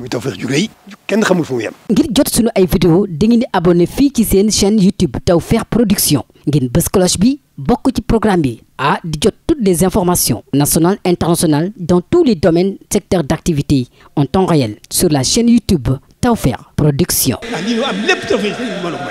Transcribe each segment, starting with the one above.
muy Tawfekh ju rëy ngir jot sunu ay vidéo dangeen di abonné fii ci seen chaîne YouTube Tawfekh Production ngeen bës cloche bi bokk ci programme bi ah di jot toutes les informations national internationales dans tous les domaines secteurs d'activité en temps réel sur la chaîne YouTube Tawfekh Production. ah lii ñu am lépp Tawfekh sëriñ bi mbooloo bi.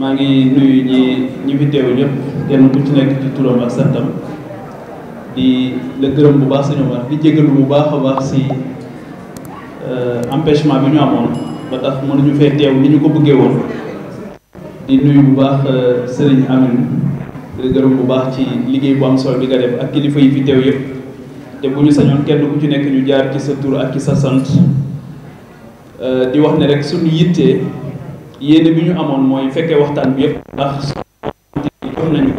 maa ngi nuyu ñi ñi fi teew ñëpp kenn ku ci nekk ci turam ak santam di la gërëm bu baax suñu wax di jégalu bu baax a baax si euh, empêchement bi ñu amoon ba tax ñu fee teew li ñu ko bëggee woon di nuyu bu baax euh, sëriñ Amin la gërëm bu baax ci liggéey bu am sol di nga def ak kilifa yi fi teew yëpp te bu ñu sañoon kenn ku ci nekk ñu jaar ci sa tur ak ci sa sant euh, di wax ne rek suñu yittee yéene bi ñu amoon mooy fekkee waxtaan bi yëpp ndax jox nañu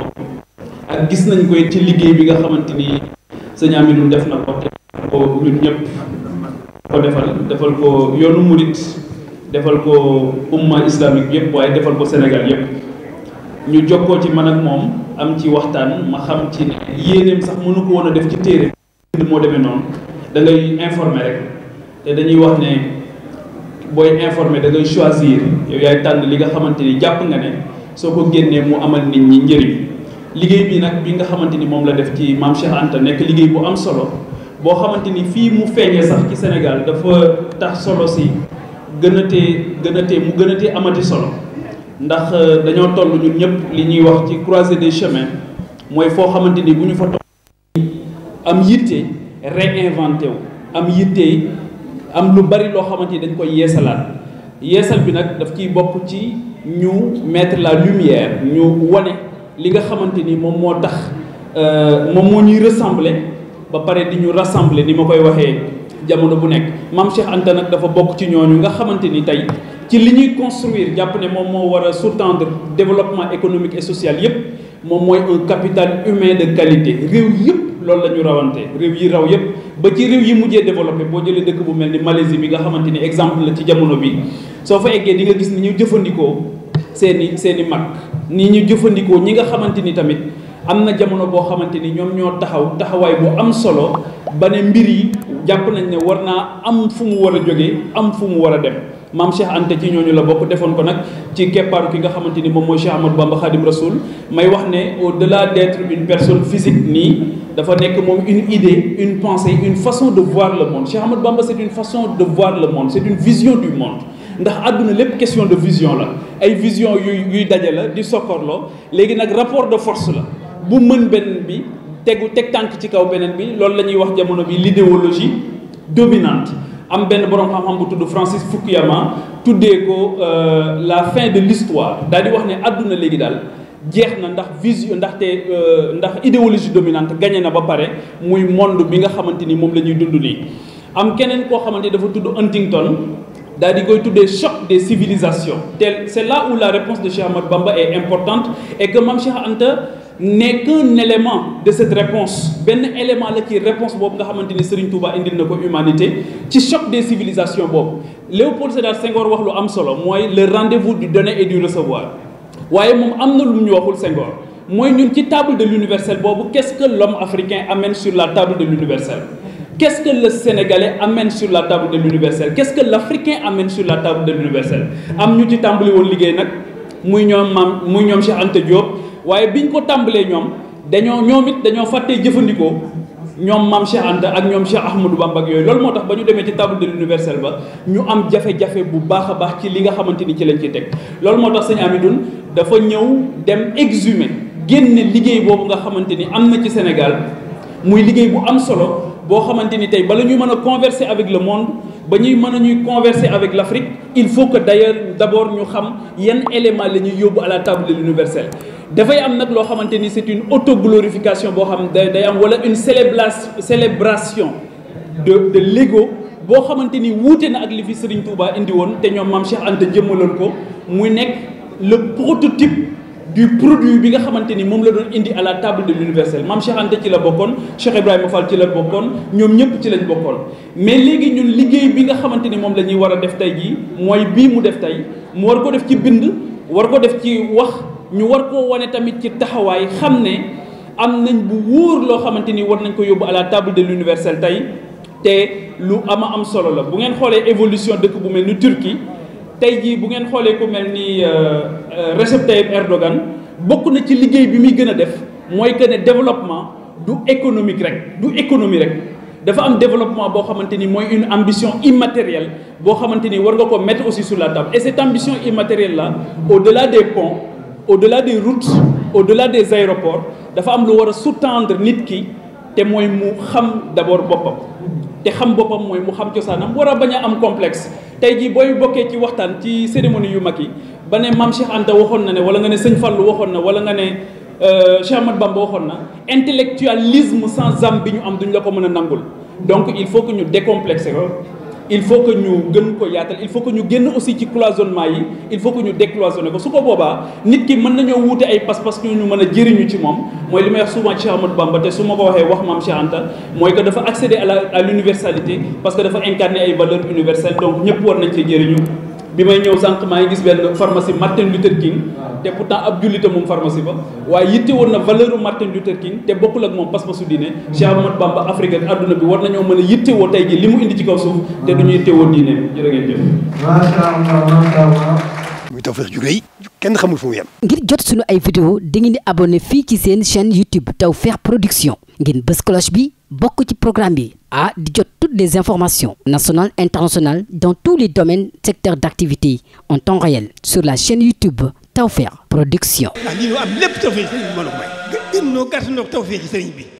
gis nañ koy ci liggéey bi nga xamante ni sëñ Amidou def na ko te ko ñun ñëpp ko defal defal ko yoonu murit defal ko umma islamique yëpp waaye defal ko Sénégal yëpp ñu jokkoo ci man ak moom am ci waxtaan ma xam ci ne yéeneem sax mënu ko woon a def ci téere moo demee noonu da ngay rek te dañuy wax ne booy informé da ngay choisir yow yaay tànn li nga xamante ni jàpp nga ne soo ko génnee mu amal nit ñi njëriñ liggéey bi nag bi nga xamante ni moom la def ci maam Cheikh Anta nekk liggéey bu am solo boo xamante ni fii mu feeñee sax ci Sénégal dafa tax solo si gën a tee gën a tee mu gën a amati solo ndax euh, dañoo toll ñun ñëpp li ñuy wax ci croisée des chemins mooy foo xamante ni bu ñu fa toll am yitte réinventé am yitte am lu bari loo xamante ni dañ koy yeesalaat yeesal bi nag daf ciy bokk ci ñu mettre la lumière ñu wane li nga xamante ni moom moo tax euh, moom moo ñuy ressembler ba pare di ñu rassembler ni ma koy waxee jamono bu nekk maam Cheikh Anta nag dafa bokk ci ñooñu nga xamante ni tey ci li ñuy construire jàpp ne moom moo war a sous-tendre développement économique et social yépp moom mooy un capital humain de qualité réew yëpp loolu la ñu rawante réew yi raw yëpp ba ci réew yi mujjee développé boo jëlee dëkk bu mel ni Malaisie bi nga xamante ni exemple la ci jamono bi soo fa eggee di nga gis ni ñu jëfandikoo seeni seeni mag ni ñu jëfandikoo ñi nga xamante ni tamit am na jamono boo xamante ni ñoom ñoo taxaw taxawaay bu am solo ba ne mbir yi jàpp nañ ne war naa am fu mu war a jógee am fu mu war a dem maam Cheikh Anta ci ñooñu la bokk defoon ko nag ci keppaaru ki nga xamante ni moom mooy Cheikh Ahmadou Bamba Khadim Rasoul may wax ne au delà d' être une personne physique nii dafa nekk moom une idée une pensée une façon de voir le monde Cheikh Ahmadou Bamba c' est une façon de voir le monde c' une vision du monde ndax àdduna lépp question de vision la ay vision yuy yuy daje la di sokkorloo léegi nag rapport de force la bu mën benn bi tegu teg tànk ci kaw beneen bi loolu la ñuy wax jamono bi l'idéologie dominante am benn borom xam-xam bu tudd Francis Fukuyama tuddee ko euh, la fin de l'histoire daal di wax ne àdduna léegi daal jeex na ndax vision ndaxte euh, ndax idéologie dominante gagné na ba pare muy monde bi nga xamante ni moom la ñuy dund nii. am keneen koo xamante ni dafa tudd Huntington daal di koy tuddee choc des civilisations te c'est la u la réponse de Cheikh Ahmad Bamba est importante et que Mame Cheikh n'est qu'un élément de cette réponse benn élément la ci réponse boobu nga xamante ni Serigne Touba indil na ko humanité ci choc des civilisations boobu Léopold Sédar Senghor wax lu am solo mooy le rendez-vous du donner et du recevoir waaye moom am na lu ñu waxul Senghor mooy ñun ci table de l'universel boobu quest que l'homme africain amène sur la table de l'universel Qu'est-ce que le Sénégalais amène sur la table de l'universel qu'est-ce que l'Africain amène sur la table de l'universel tàmbali woon liggéey nag muy ñoom maam ñoom Cheikh Anta Diop waaye ñu ko tàmbalee ñoom dañoo ñoom it dañoo fàttee jëfandikoo ñoom maam Cheikh Anta ak ñoom Cheikh Ahmadou Bamba yooyu loolu moo tax ba ñu demee ci table de l'universel ba ñu am jafe-jafe bu baax a baax ci li nga xamante ni ci lañ ci teg loolu moo tax sëñ Amidoune dafa ñëw dem exhumer génne liggéey boobu nga xamante ni am na ci Sénégal muy liggéey bu am solo boo xamante ni tey bala ñuy mën a converser avec le monde ba ñuy mën a ñuy converser avec l'Afrique il faut que d'ailleurs d'abord ñu xam yan élément la ñuy yóbbu à la table de dafay am nag loo xamante ni c'est une autoglorification boo xam day day am wala une célébra célébration de de légo boo xamante ni wuute na ak lifi fi Serigne Touba indi woon te ñoom maam Cheikh Anta jëmmaloon ko muy nekk le prototype du produit bi nga xamante ni moom la doon indi à la table de l'universel maam Cheikh Anta ci la bokkoon Cheikh Ibrahima Fall ci la bokkoon ñoom ñëpp ci lañ bokkoon mais léegi ñun liggéey bi nga xamante ni moom la war a def tey jii mooy bii mu def tey mu war ko def ci bind war ko def ci wax ñu war koo wane tamit ci taxawaay xam ne am nañ bu wóor loo xamante ni war nañ ko yóbbu à la table de l'universel tey te lu ama am solo la bu ngeen xoolee évolution dëkk bu mel ni Turquie tey jii bu ngeen xoolee ku mel ni euh, euh, Recep Tayyip Erdogan bokk na ci liggéey bi muy gën a def mooy que ne développement du économique rek du économie rek dafa am développement boo xamante ni mooy une ambition immatérielle boo xamante ni war nga ko mettre aussi sur la table et cette ambition immatérielle là au-delà des ponts au-delà des routes au-delà des aéroports dafa am lu war a sous-tendre nit ki te mooy mu xam d'abord boppam te xam boppam mooy mu xam cosaanam war a bañ a am complexe tey jii booy bokkee ci waxtaan ci cérémonie yu mag yi ba ne maam Cheikh waxoon na ne wala nga ne sëñ Fallou waxoon na wala nga ne euh, Cheikh Ahmad Bamba waxoon na intellectualisme sans âme bi ñu am duñ la ko mën a nangul donc il faut que ñu décomplexé ko il faut que ñu gën ko yaatal il faut que ñu génn aussi ci cloisonnement yi il faut que ñu décloisonné ko su ko boobaa nit ki mën nañoo wuute ay pas-pas ñu mën a jëriñu ci moom mooy li may wax souvent Cheikh Ahmadou Bamba te su ma ko waxee wax maam Cheikh Anta mooy que dafa accéder à la à l'universalité parce que dafa incarner ay valeurs universelles donc ñëpp war nañ ci jëriñu bi may ñëw sànq maa ngi gis benn pharmacie Martin Luther King te pourtant ab jullite moom pharmacie ba waaye yitte woon na valeur u Martin Luther te bokkul ak moom pas-pasu diine Cheikh Bamba Afrique ak adduna bi war nañoo mën a yitte woo tey ji li mu indi ci kaw suuf te du ñu yitte woo diine jërë ngeen jëf. macha allah macha allah. muy Tawfekh kenn xamul fu mu ngir jot suñu ay vidéo dangeen di abonné fii ci seen chaîne YouTube Tawfekh Production ngeen bës bi bokk ci programme bi ah di jot toutes des informations nationales internationales dans tous les domaines secteurs d'activité en temps réel sur la chaîne Tawfekh Production. ndax ah, lii am lépp tawfeex ci sëriñ bi mën a may. gën noo gàtt noo tawfeex ci sëriñ bi.